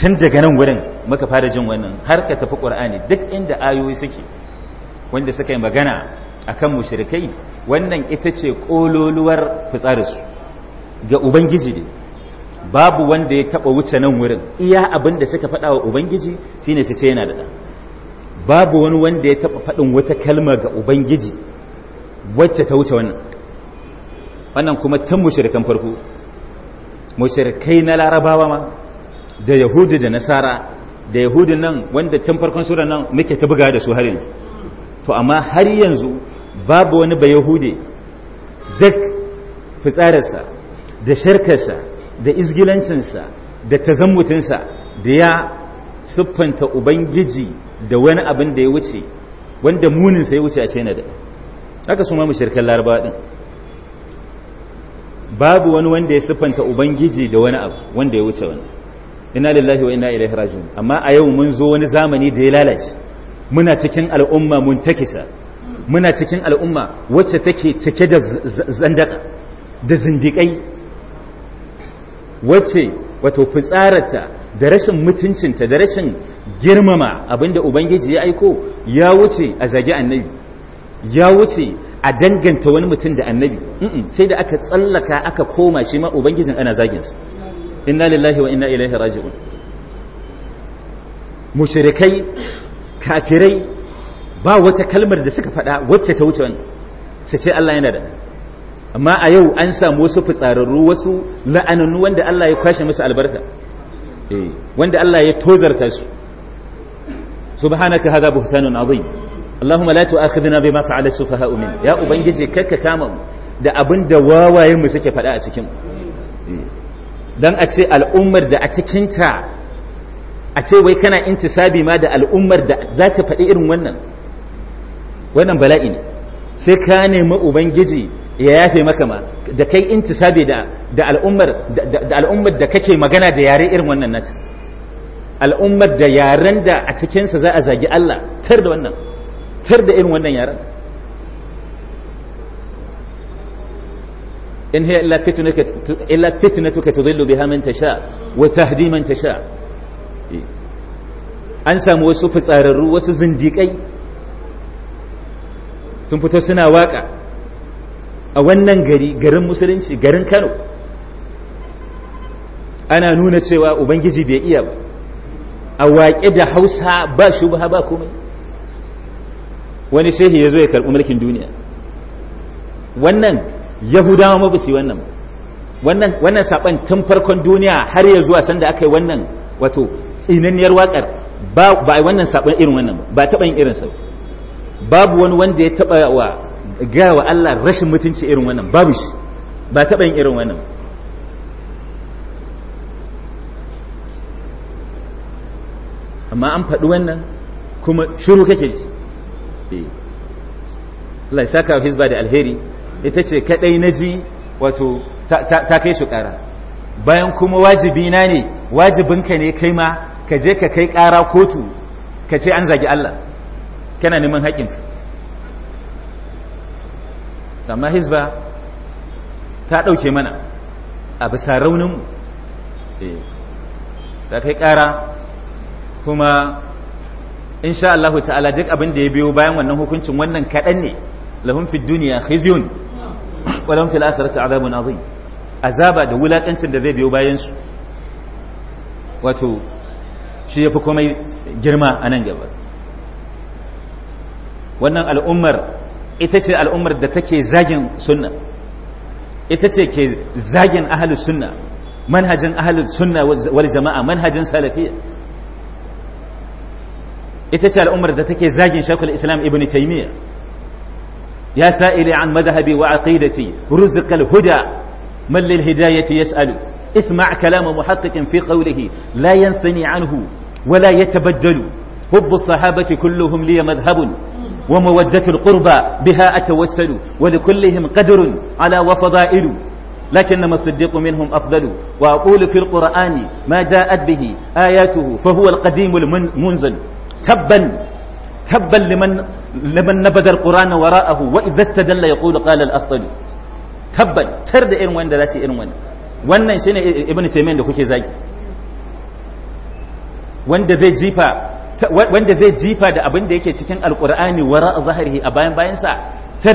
tun daga nan wurin maka fara jin wannan har ka tafi qur'ani duk inda ayoyi suke wanda suka yi magana akan mushirikai wannan ita ce kololuwar fitsarisu ga ubangiji ne babu wanda ya taba wuce nan wurin iya abin da suka faɗa wa ubangiji shine su ce yana da babu wani wanda ya taba faɗin wata kalma ga ubangiji wacce ta wuce wannan wannan kuma tun mushirikan farko mushirikai na larabawa ma da yahudu da nasara da yahudin nan wanda tun farkon suran nan muke ta buga da su har yanzu to amma har yanzu babu wani yahude duk fitsararsa da sharkarsa da izgilancinsa da tazammutinsa da ya siffanta ubangiji da wani abin da ya wuce wanda muninsa ya wuce a ce na da aka su mu shirkar laraba din babu wani wanda ya siffanta ubangiji da wani abu wanda ya wuce wani ina lillahi wa ina ilaihi raji'un amma a yau mun zo wani zamani da ya lalace muna cikin al'umma muntakisa muna cikin al'umma wacce take cike da zandaka da zindiƙai wacce wato fitsararta da rashin mutuncinta da rashin girmama abinda ubangiji ya aiko ya wuce a zage annabi ya wuce a danganta wani mutum da annabi sai da aka tsallaka aka koma shi ma ubangijin ana zaginsa inna lillahi wa inna ilaihi raji'un mushrikai kafirai ba wata kalmar da suka faɗa wacce ta wuce wannan su ce Allah yana da amma a yau an samu wasu fitsararru wasu la'anannu wanda Allah ya kwashe musu albarka eh, wanda Allah ya tozarta su subhanaka hadha buhtanun azim Allahumma la tu'akhidhna bima fa'ala sufaha'u min ya ubangiji karka kama mu da abin da wawayen mu suke fada a cikin eh, dan a ce al'ummar da a cikinta a ce wai kana intisabi ma da al'ummar da za ta faɗi irin wannan wannan bala'i ne sai ka nemi ubangiji ya yafe maka ma da kai intisabi da da al'ummar da al'ummar da kake magana da yare irin wannan nata al'ummar da yaren da a cikinsa za a zagi Allah tar da wannan tar da irin wannan yaren in hiya illa fitnatuka illa fitnatuka tudillu biha man tasha wa tahdi man tasha Eh. an samu wasu fitsararru wasu zindikai sun fito suna waka a wannan gari garin musulunci garin kano ana nuna cewa ubangiji bai iya ba a waƙe da hausa ba shubha ba komai wani shehi ya zo ya karɓi mulkin duniya wannan yahudawa mabusi wannan wannan saɓan tun farkon duniya har ya zuwa sanda aka yi wannan wato tsinanniyar waƙar ba ba wannan sabon irin wannan ba ba taɓa yin irinsa babu wani wanda ya taɓa wa gaya wa Allah rashin mutunci irin wannan babu shi ba taɓa yin irin wannan amma an faɗi wannan kuma shiru kake ji eh. Allah ya saka hizba da alheri ita ce kadai naji wato ta kai shi ƙara bayan kuma wajibi na ne wajibinka ne kai ma ka je ka kai ƙara kotu ka ce an zagi Allah kana neman haƙinka amma hizba ta ɗauke mana a bisa rauninmu da eh, kai ƙara kuma insha Allah ta'ala duk abin da ya biyo bayan wannan hukuncin wannan kaɗan ne lahun fi duniya khizyun walahun fil ta azabun azim azaba da wulakancin da zai biyo bayansu wato shi ya fi komai girma a nan gaba wannan al'ummar ita ce al'ummar da take zagin sunna ita ce ke zagin ahalus sunna manhajin ahalus sunna wal jama'a manhajin salafiya. ita ce al'ummar da take zagin shakul islam ibn taimiyya ya sa'ili an madhabi wa aqidati ruzqal huda man lil hidayati yas'alu اسمع كلام محقق في قوله لا ينثني عنه ولا يتبدل حب الصحابة كلهم لي مذهب ومودة القربى بها أتوسل ولكلهم قدر على وفضائل لكنما الصديق منهم أفضل وأقول في القرآن ما جاءت به آياته فهو القديم المنزل تبا تبا لمن, لمن نبذ القرآن وراءه وإذا استدل يقول قال الأفضل تبا ترد إن وين دراسي إن وين wannan shine ibn taymiyyah da kuke zagi wanda zai jifa da abin da yake cikin alqur'ani wara zahirihi a bayan bayansa sa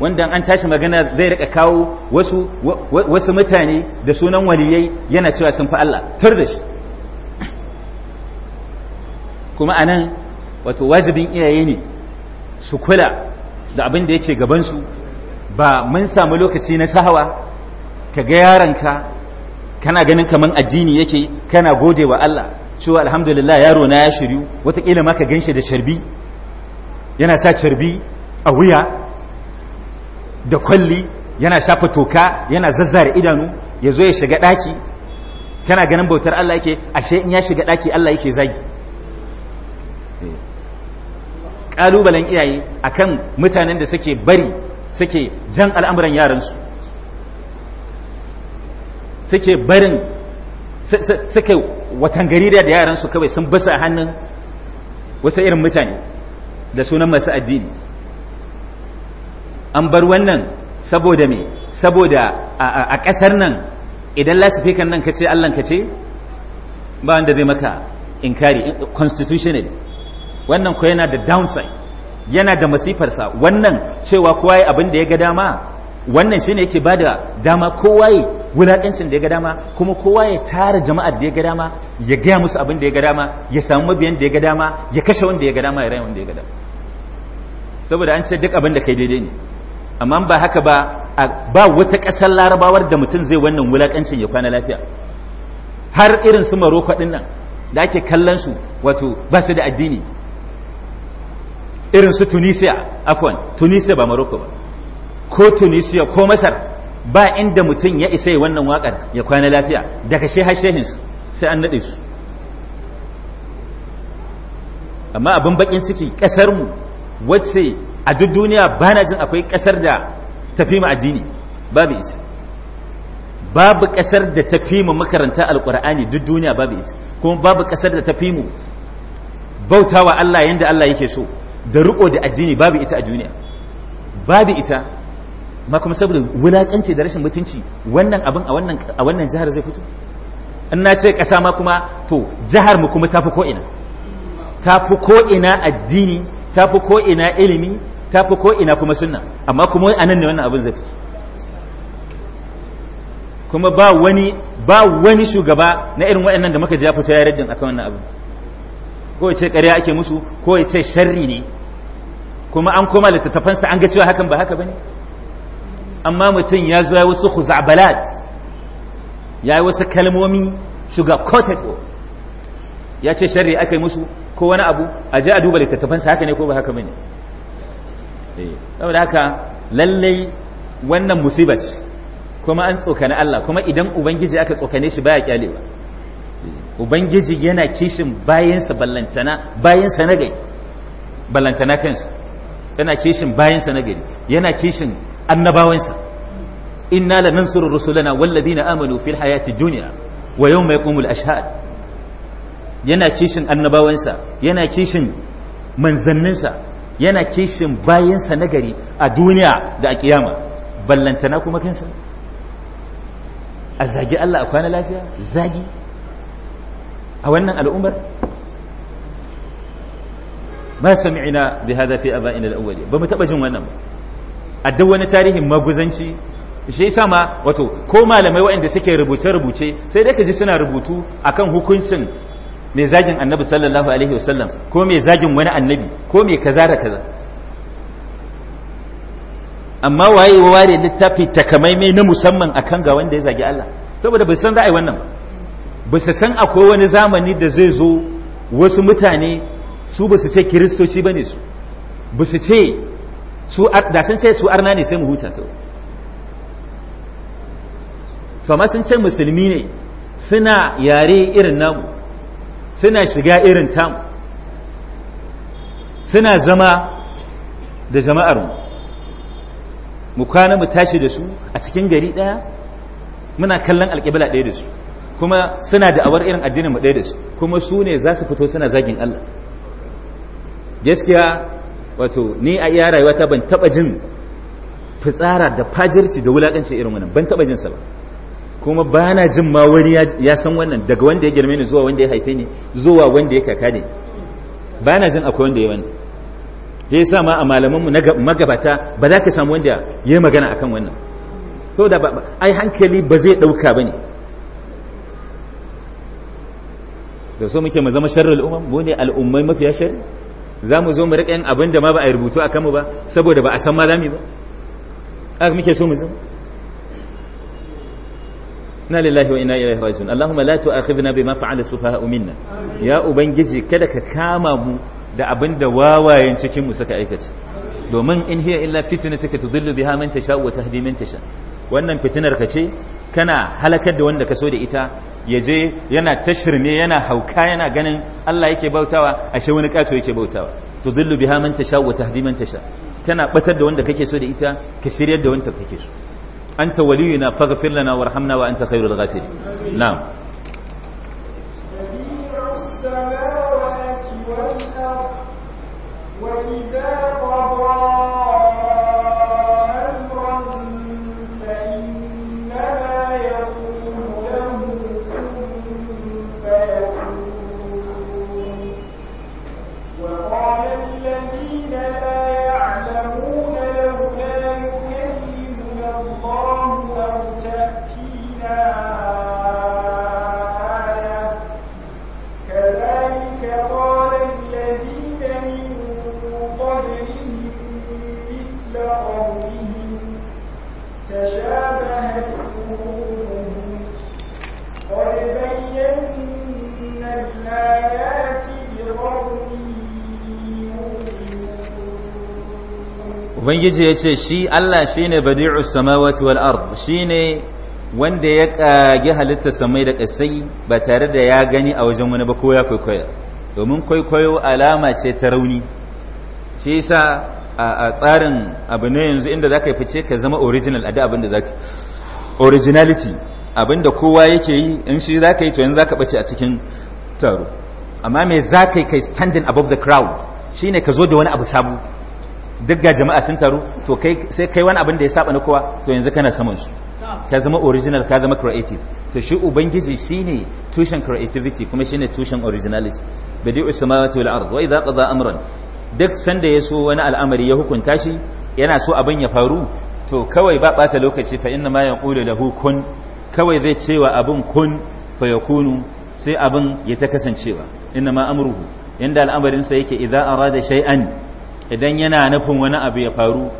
wanda an tashi magana zai rika kawo wasu mutane da sunan waliyai yana cewa sun fi Allah tar kuma anan wato wajibin iyaye ne su kula da abin da yake gabansu ba mun samu lokaci na sahawa ka ga yaranka kana ganin kaman addini yake kana gode wa Allah cewa alhamdulillah yaro na ya shiryu wataƙila ma ka ganshi da carbi yana sa carbi a wuya da kwalli yana shafa toka yana zazzara idanu ya zo ya shiga ɗaki kana ganin bautar Allah yake ashe in ya shiga ɗaki Allah yake zagi eh. ƙalubalen iyaye akan mutanen da suke bari suke jan al'amuran yaransu suke barin suke watan gari da yaran su kawai sun basa hannun wasu irin mutane da sunan masu addini an bar wannan saboda me saboda a kasar nan idan lasifikan nan ka ce allan ka ce ba wanda zai maka inkari constitutional wannan ko yana da downside yana da masifarsa wannan cewa kowa yi abin da ya ga dama wannan shine yake da dama kowa wulaƙancin da ya ga dama kuma kowa ya tara jama'ar da ya ga dama ya gaya musu abin da ya ga dama ya samu mabiyan da ya ga dama ya kashe wanda ya ga dama ya rai wanda ya ga dama saboda an ce duk abin da kai daidai ne amma ba haka ba ba wata ƙasar larabawar da mutum zai wannan wulaƙancin ya kwana lafiya har irin su maroko ɗin nan da ake kallon su wato ba su da addini irin su tunisia afwan tunisia ba maroko ba ko tunisia ko masar ba inda mutum ya isai wannan wakar ya kwana lafiya daga shehin su sai an naɗe su amma abin bakin ciki ƙasarmu wacce a duk duniya ba na jin akwai ƙasar da tafi mu addini babu ita babu ƙasar da tafi mu makaranta alƙur'ani duk duniya babu ita kuma babu ƙasar da tafi mu bautawa Allah yanda Allah yake so da riƙo da addini babu ita a duniya babu ita ma kuma saboda wulakanci da rashin mutunci wannan abin a wannan jihar zai fito in na ce kasa ma kuma to jihar mu kuma tafi ko ina tafi ko ina addini tafi ko ina ilimi tafi ko ina kuma sunna amma kuma a nan ne wannan abin zai fito kuma ba wani ba wani shugaba na irin waɗannan da muka ji ya fito ya raddin akan wannan abin ko ya ce ƙarya ake musu ko ya ce sharri ne kuma an koma littattafansa an ga cewa hakan ba haka ba ne? amma mutum ya zai wasu huzabalat ya yi wasu kalmomi shuga kotato ya ce shari'a aka yi musu ko wani abu a ji a duba littattafansa haka ne ko ba haka bane eh, saboda haka lallai wannan musibar kuma an tsokane Allah kuma idan ubangiji aka tsokane shi baya kyalewa eh, ubangiji yana kishin bayansa ballantana bayansa na gai ballantana kansa yana kishin bayansa na gari yana kishin annabawansa inna lanansuru rusulana walladina amanu fil hayati dunya wa yawma yaqumul ashhad yana kishin annabawansa yana kishin manzanninsa yana kishin bayansa nagari a duniya da a kiyama ballantana kuma kansa a zagi Allah a kwana lafiya zagi a wannan al'ummar ma sami'ina bi hadha fi aba'ina al-awwalin ba mu taba jin wannan ba a duk wani tarihin maguzanci shi yasa ma wato ko malamai waɗanda suke rubuce-rubuce sai dai ka ji suna rubutu akan hukuncin mai zagin annabi sallallahu alaihi wasallam ko mai zagin wani annabi ko mai kaza da kaza amma waye ware littafi takamaimai na musamman akan ga wanda ya zagi Allah saboda bai san za a yi wannan ba su san akwai wani zamani da zai zo wasu mutane su ba su ce kiristoci ba ne su ba su ce su da sun ce su arna ne sai mu huta kawai to amma sun ce musulmi ne suna yare irin namu suna shiga irin tamu suna zama da jama'ar mu mu kwana mu tashi da su a cikin gari daya muna kallon alƙibla ɗaya da su kuma suna da awar irin addinin mu ɗaya da su kuma su ne za su fito suna zagin Allah gaskiya wato ni a iya rayuwa ta ban taba jin fitsara da fajirci da wulakanci irin wannan ban taba jin sa ba kuma ba na jin ma wani ya san wannan daga wanda ya girme ni zuwa wanda ya haife ni zuwa wanda ya kaka ne ba na jin akwai wanda ya wani da ya sa ma a malamanmu na magabata ba za ka samu wanda ya yi magana akan wannan sau da ai hankali ba zai ɗauka ba ne da so muke mu zama sharar al'umma mu ne al'ummai mafiya yashar. za mu zo mu riƙa yin abin da ma ba a rubutu a kanmu ba saboda ba a san ma za mu ba aka muke so mu zama na lillahi wa ina ilaihi rajin allahumma la tu'akhidna bima fa'ala sufaha'u minna ya ubangiji kada ka kama mu da abin da wawayen cikin mu suka aikata. domin in hiya illa fitnatuka tudillu biha man tasha wa tahdi man tasha wannan fitinar ka ce kana halakar da wanda ka so da ita ya je yana tashirme yana hauka yana ganin Allah yake bautawa ashe wani kato yake bautawa to dillu biha man tasha wa tahdi man tasha tana batar da wanda kake so da ita ka shiryar da wanda kake so anta waliyuna faghfir lana warhamna wa anta khairul ghafirin na'am وإذا ubangiji ya ce shi Allah shi ne badi'u samawati wal ard shi ne wanda ya kage halitta samai da kasai ba tare da ya gani a wajen wani ba ko ya kwaikwaya domin kwaikwayo alama ce ta rauni shi yasa a tsarin abu ne yanzu inda za ka fice ka zama original a abin da za originality abin da kowa yake yi in shi za ka to yanzu za ka ɓace a cikin taro amma me za ka kai standing above the crowd shine ka zo da wani abu sabu duk ga jama'a sun taru to kai sai kai wani abin da ya saba na kowa to yanzu kana saman su ka zama original ka zama creative to shi ubangiji shine tushen creativity kuma shine tushen originality badi'us samawati wal ard wa idza qada amran duk sanda ya so wani al'amari ya hukunta shi yana so abin ya faru to kawai ba bata lokaci fa inna ma yaqulu lahu kun kawai zai cewa abin kun fa yakunu sai abin ya ta kasancewa inna ma amruhu inda al'amarin sa yake idza arada shay'an idan yana nufin wani abu ya faru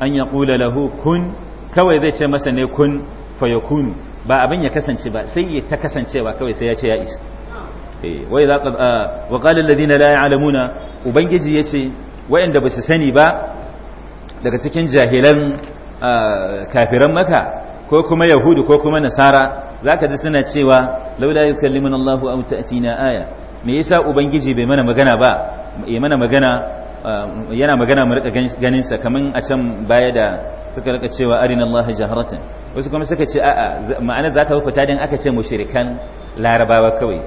an ya ƙula lahu kun kawai zai ce masa ne kun fayakunu ba abin ya kasance ba sai ya ta kasancewa kawai sai ya ce ya isa eh, wai za wa qalil ladina la ya'lamuna ubangiji yace wa'inda ba su sani ba daga cikin jahilan kafiran maka ko kuma yahudu ko kuma nasara zaka ji suna cewa laula yukallimuna Allahu aw aya me yasa ubangiji bai mana magana ba ya mana magana Um, yana magana mu rika ganin sa kaman a can baya da suka rika cewa arina Allah jaharatan wasu kuma suka ce a'a ma'ana za ta hukuta din aka ce mushrikan larabawa kawai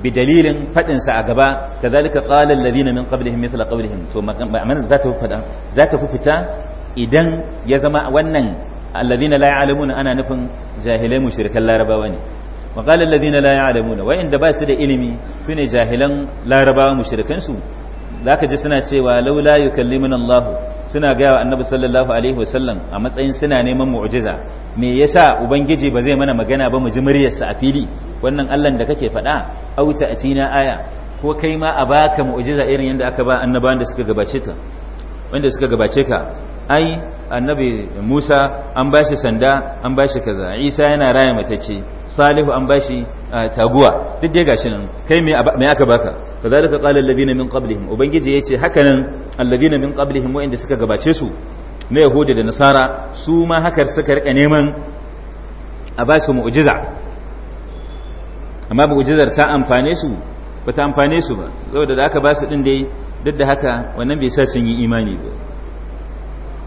bi dalilin fadin sa a gaba kazalika qala alladhina min qablihim mithla qawlihim to ma'ana za ta hukuta za ta hukuta idan ya zama wannan alladhina la ya'lamuna ana nufin jahilai mushrikan larabawa ne وقال الذين لا يعلمون وإن دباس دا إلمي سنة جاهلا لا ربا مشركين سو zaka ji suna cewa laula yukallimuna Allah suna gaya wa annabi sallallahu alaihi wasallam a matsayin suna neman mu'jiza me yasa ubangiji ba zai mana magana ba mu ji muryarsa a fili wannan Allah da kake faɗa auta cina aya ko kai ma a baka mu'jiza irin yadda aka ba annabawan wanda suka gabace ka ai annabi Musa an bashi sanda an bashi kaza Isa yana raya ce Salihu an bashi taguwa duk dai gashi nan kai me aka baka kazalika qala alladhina min qablihim ubangiji yace haka nan alladhina min qablihim wa'inda suka gabace su na Yahuda da Nasara su ma haka suka rika neman a ba su mu'jiza amma mu'jizar ta amfane su ba ta amfane su ba saboda da aka ba su din dai duk da haka wannan bai sa sun yi imani ba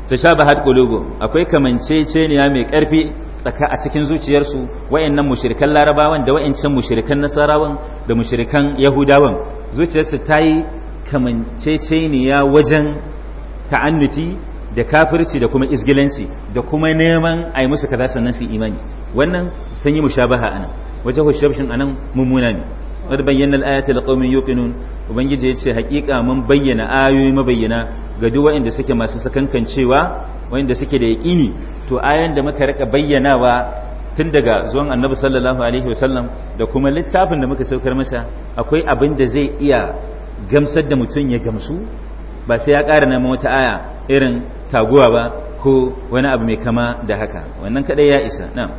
tashabahat qulubu akwai kamanceceniya mai karfi tsaka a cikin zuciyarsu wayannan mushrikan larabawan da wayancan mushrikan nasarawan da mushrikan yahudawan zuciyarsu ta yi kamanceceniya wajen ta'annuti da kafirci da kuma izgilanci da kuma neman ai musu kaza sannan su imani wannan sun yi mushabaha anan wajen hushabshin anan mummuna ne wadda bayyana al da ƙaumin yuqinun ubangiji yace haƙiƙa mun bayyana ayoyi mabayyana ga duk waɗanda suke masu cewa waɗanda suke da yaqini to ayan da muka rika bayyanawa tun daga zuwan annabi sallallahu alaihi wasallam da kuma littafin da muka saukar masa akwai abin da zai iya gamsar da mutum ya gamsu ba sai ya ƙara nama wata aya irin taguwa ba ko wani abu mai kama da haka wannan kaɗai ya isa na.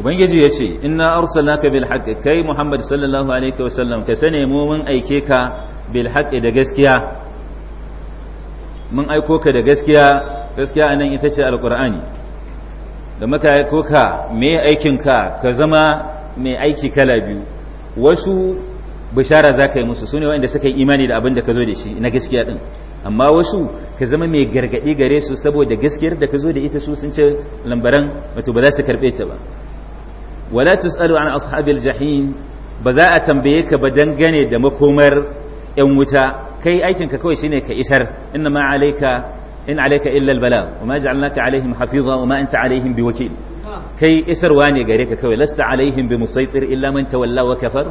ubangiji ya ce in arsalnaka bil haqqi kai muhammad sallallahu alaihi wasallam ka sane mu mun aike ka bil da gaskiya mun aiko ka da gaskiya gaskiya anan ita ce alqur'ani da muka aiko ka me aikin ka ka zama mai aiki kala biyu wasu bishara za ka yi musu sune wanda suka yi imani da abin da ka zo da shi na gaskiya din amma wasu ka zama mai gargaɗi gare su saboda gaskiyar da ka zo da ita su sun ce lambaran wato ba za su karɓe ta ba wala tusalu an ashabil jahim ba za a tambaye ka ba dangane da makomar yan wuta kai aikinka kawai shine ka isar inna ma alayka in alayka illa albala wa ma ja'alnaka alaihim hafiza wa ma anta alaihim biwakil kai isarwa ne gareka kawai lasta alaihim bimusaitir illa man tawalla wa kafar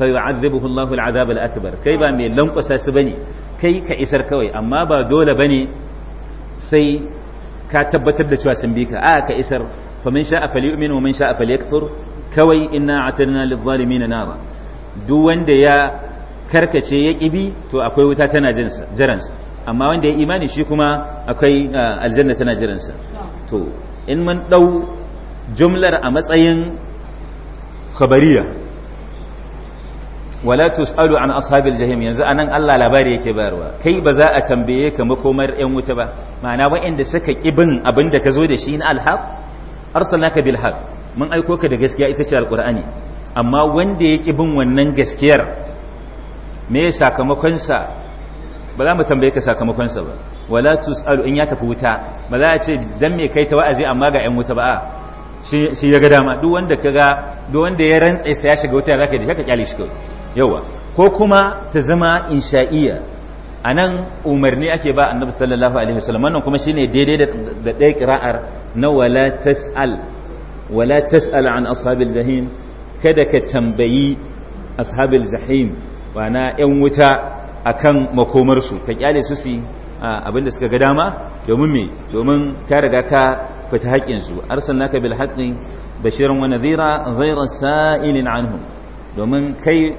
fa yu'adhibuhu Allahu al'adab al'akbar kai ba mai lankwasa su bane kai ka isar kawai amma ba dole bane sai ka tabbatar da cewa sun bi a ka isar famin sha'a falyu'min wa min sha'a falyakfur kawai inna a'tadna lidh-dhalimin nara duk wanda ya karkace ya kibi to akwai wuta tana jinsa jiransa amma wanda ya imani shi kuma akwai aljanna tana jiransa to in mun ɗau jumlar a matsayin kabariya. Walatus tusalu an ashabil jahim yanzu anan Allah labari yake bayarwa kai ba za a tambaye ka makomar yan wuta ba ma'ana wa'inda saka kibin abinda ka zo da shi na alhaq arsalnaka bil haq mun aiko ka da gaskiya ita ce alqur'ani amma wanda yake bin wannan gaskiyar me sakamakon sa ba za mu tambaye ka sakamakon sa ba wala tusalu in ya tafi wuta ba za a ce dan me kai ta wa'azi amma ga yan wuta ba a shi ya ga dama duk wanda kaga duk wanda ya rantsa sai ya shiga wuta zaka da ka kyale shi yawa ko kuma ta zama insha'iyya a nan umarni ake ba annabi sallallahu alaihi wasallam wannan kuma shine daidai da ɗaya kira'ar na wala tas'al wala tas'al an ashabil jahim kada ka tambayi ashabil jahim na yan wuta akan makomarsu ka kyale su su da suka ga dama domin me domin ka riga ka fita haƙƙin su arsalnaka bil haqqi bashiran wa nadhira ghayra sa'ilin anhum domin kai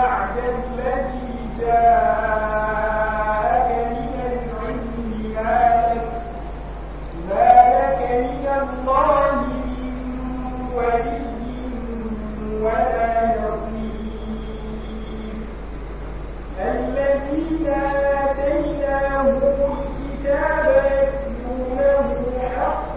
بعد الذي جاءك من العلم آية. ما لك من الله من ولي ولا نصير الذين آتيناهم الكتاب يتلونه حق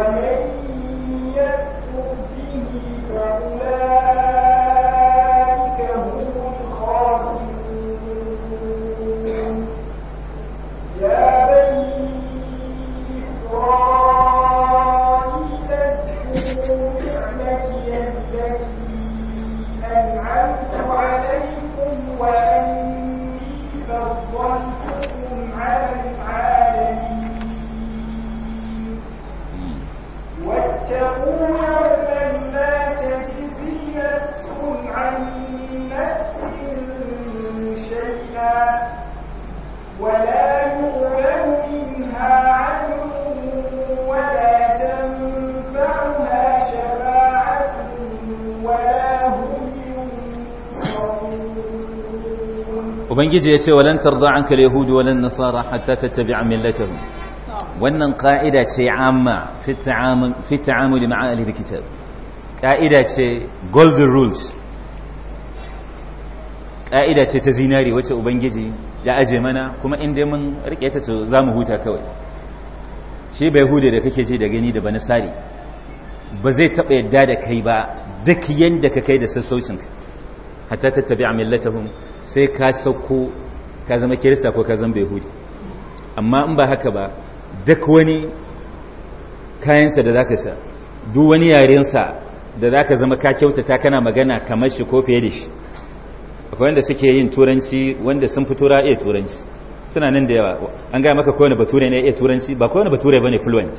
ومن يكفر به فأولئك ubangiji ya ce walan tarda anka yahudu walan nasara hatta tattabi'a millatahum wannan ka'ida ce amma fi ta'amul fi ta'amuli ma'a ahli kitab ka'ida ce golden rules ka'ida ce ta zinari wacce ubangiji ya aje mana kuma inda mun rike ta to zamu huta kawai shi bai hude da kake ji da gani da banasari ba zai taɓa yadda da kai ba duk yadda ka kai da sassaucinka hatta tattabi'a millatahum sai ka sauko ka zama kirista ko ka zama behudi amma in ba haka ba duk wani kayansa da za ka sa duk wani yarensa da za ka zama ka kyautata kana magana kamar shi ko fiye da shi akwai wanda suke yin turanci wanda sun fito tura iya turanci suna nan da yawa an gaya maka kowane bature ne iya turanci ba kowane bature bane fluent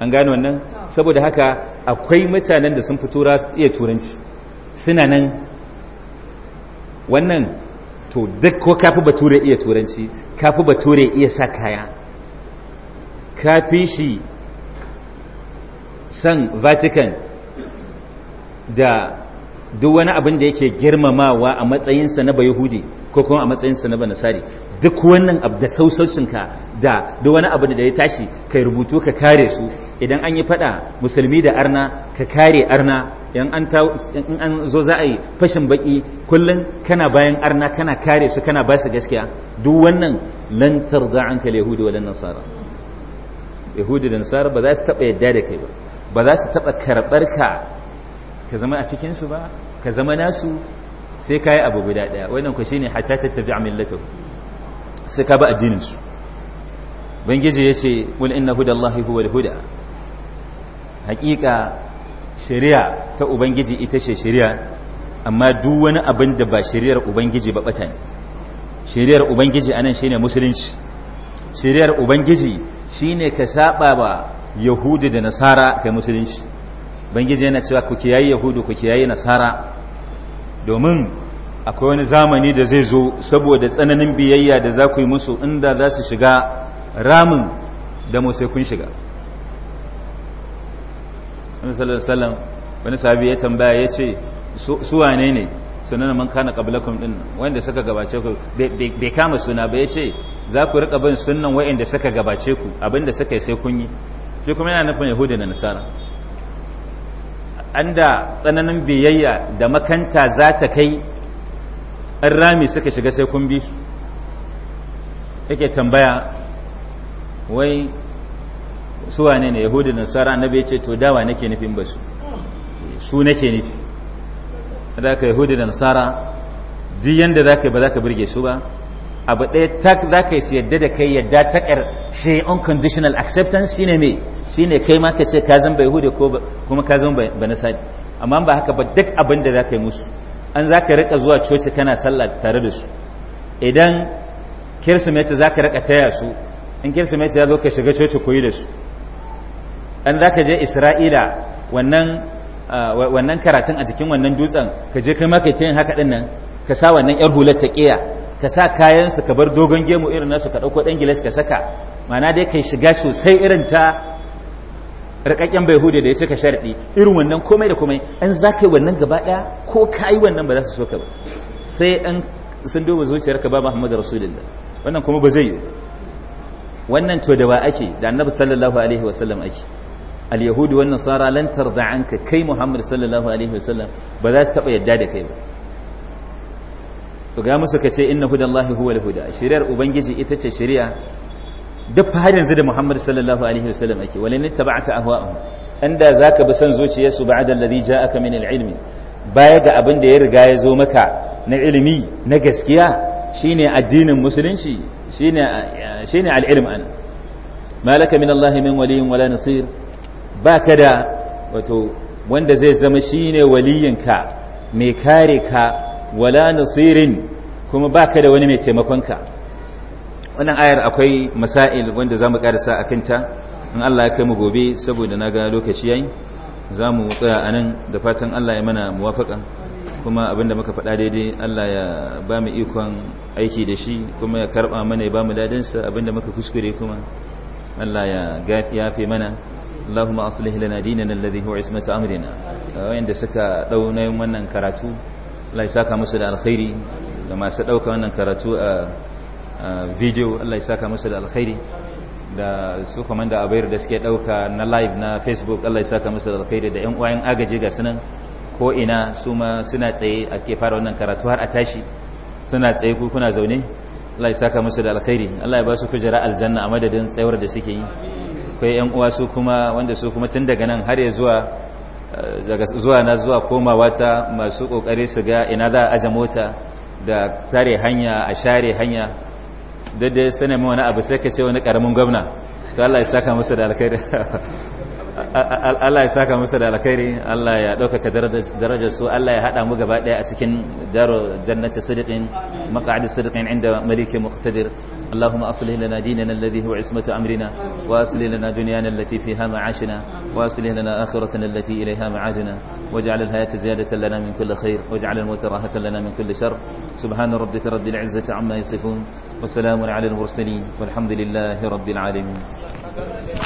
an gano wannan saboda haka akwai mutanen da sun fito tura iya turanci suna nan wannan to duk ko kafi bature iya turanci kafi bature iya sa kaya kafi shi san vatican da duk wani abin da yake girmamawa a matsayinsa na bayahudi ko kuma a matsayinsa na banasari duk wannan abu da sausaucinka da duk wani abu da ya tashi ka rubutu ka kare su idan an yi fada musulmi da arna ka kare arna in an zo za a yi fashin baki kullum kana bayan arna kana kare su kana ba su gaskiya duk wannan lantar da an kala yahudu da nasara yahudu da nasara ba za su taɓa yadda da kai ba ba za su taɓa karɓar ka ka zama a cikinsu ba ka zama nasu sai ka yi abu guda ɗaya wannan ku shine hatta ta tabi a millatu sai ka ba addininsu ubangiji ya ce wal inna hudallahi huwa huda hakika shari'a ta ubangiji ita ce shari'a amma duk wani abin da ba shari'ar ubangiji ba bata ne shari'ar ubangiji anan shine musulunci shari'ar ubangiji shine ka saba ba yahudi da nasara kai musulunci ubangiji yana cewa ku kiyaye yahudu ku kiyaye nasara domin akwai wani zamani da zai zo saboda tsananin biyayya da za ku yi musu inda za su shiga ramin da sai kun shiga sallallahu wani sahabi ya tambaya ya ce su wane ne sunan man kana qablakum din wanda suka gabace ku bai kama suna ba ya ce za ku rika bin sunnan wayanda suka gabace ku abinda suka yi sai kun yi shi kuma yana nufin yahudi da nasara an da tsananin biyayya da makanta za ta kai an rami suka shiga sai kun bi su yake tambaya wai su wane ne yahudu da nasara annabi ya ce to dawa nake nufin ba su su nake nufi da ka yahudu da nasara duk yadda za ka yi ba za ka birge su ba abu ɗaya tak za ka yi su yadda da kai yadda ta ƙar shi unconditional acceptance shine me shine kai ma ka ce ka zan ba yahudu ko kuma ka zan ba nasari amma ba haka ba duk abin da za ka yi musu an za ka riƙa zuwa coci kana sallah tare da su idan kirsimeti za ka riƙa taya su in kirsimeti ya zo ka shiga coci koyi da su an za ka je isra'ila wannan karatun a jikin wannan dutsen ka je kai maka yin haka ɗin nan ka sa wannan yar hular ta ƙiya ka sa kayansu ka bar dogon gemu irin nasu ka ɗauko ɗan gilas ka saka mana dai ka shiga sosai irin ta rikakken bai hude da ya cika sharaɗi irin wannan komai da komai an za ka yi wannan gaba ɗaya ko ka yi wannan ba za su so ka ba sai an sun duba zuciyar ka ba muhammad rasulullah wannan kuma ba zai yi wannan to da ba ake da annabi sallallahu alaihi wasallam ake al-yahud wa nasara lan tarda anka kai muhammad sallallahu alaihi wasallam ba za su taba yadda da kai ba to ga musu kace inna hudallahi huwal huda shari'ar ubangiji ita ce shari'a duk har yanzu da muhammad sallallahu alaihi wasallam ake walin ittaba'ta ahwa'ahum anda zaka bi san zuciyarsu ba'da alladhi ja'aka min al-ilmi baya ga abin da ya riga ya zo maka na ilimi na gaskiya shine addinin musulunci shine shine al-ilm an malaka min allahi min waliyyin wala nasir ba ka da wato wanda zai zama shi ne waliyinka mai kare ka wala nasirin kuma ba ka da wani mai taimakonka wannan ayar akwai masail wanda za mu karisa a kanta in Allah ya kai mu gobe saboda na ga lokaci yayi za mu tsaya a nan da fatan Allah ya mana muwafaka kuma abinda muka faɗa daidai Allah ya ba mu ikon aiki da shi kuma ya karɓa mana ya ba mu dadinsa abinda muka kuskure kuma Allah ya yafe mana اللهم أصلح لنا ديننا الذي هو عصمة أمرنا وعند سكا دونا يومنا كراتو الله يساك مسل الخير لما سدوك وانا كراتو فيديو الله يساك مسل الخير da su komanda abayar da suke dauka na live na facebook Allah ya saka musu alkhairi da yan uwayen agaji ga sunan ko ina su ma suna tsaye ake fara wannan karatu har a tashi suna tsaye ku kuna zaune Allah ya saka musu da alkhairi Allah ya ba su kujera aljanna a madadin tsayawar da suke yi akwai yan uwa su kuma wanda su kuma tun daga nan har ya zuwa eh, daga zuwa na zuwa komawa ta masu kokari su ga ina za a aje mota da tare hanya a share hanya daidai sanin wani abu sai ka ce wani karamin gwamna to Allah ya saka masa da alkhairi <laughs> Allah ya saka musu da alkhairi Allah ya ɗaukaka darajar su Allah ya haɗa mu gaba ɗaya a cikin daro jannati sidiqin maq'adi sidiqin inda malikin muqtadir Allahumma aslih lana dinana alladhi huwa ismatu amrina wa aslih lana dunyana allati fiha ma'ashina wa aslih lana akhiratana allati ilayha ma'aduna waj'al al-hayata ziyadatan lana min kulli khair waj'al al-mauta rahatan lana min kulli shar subhana rabbika rabbil izzati amma yasifun wa salamun ala al-mursalin walhamdulillahi rabbil alamin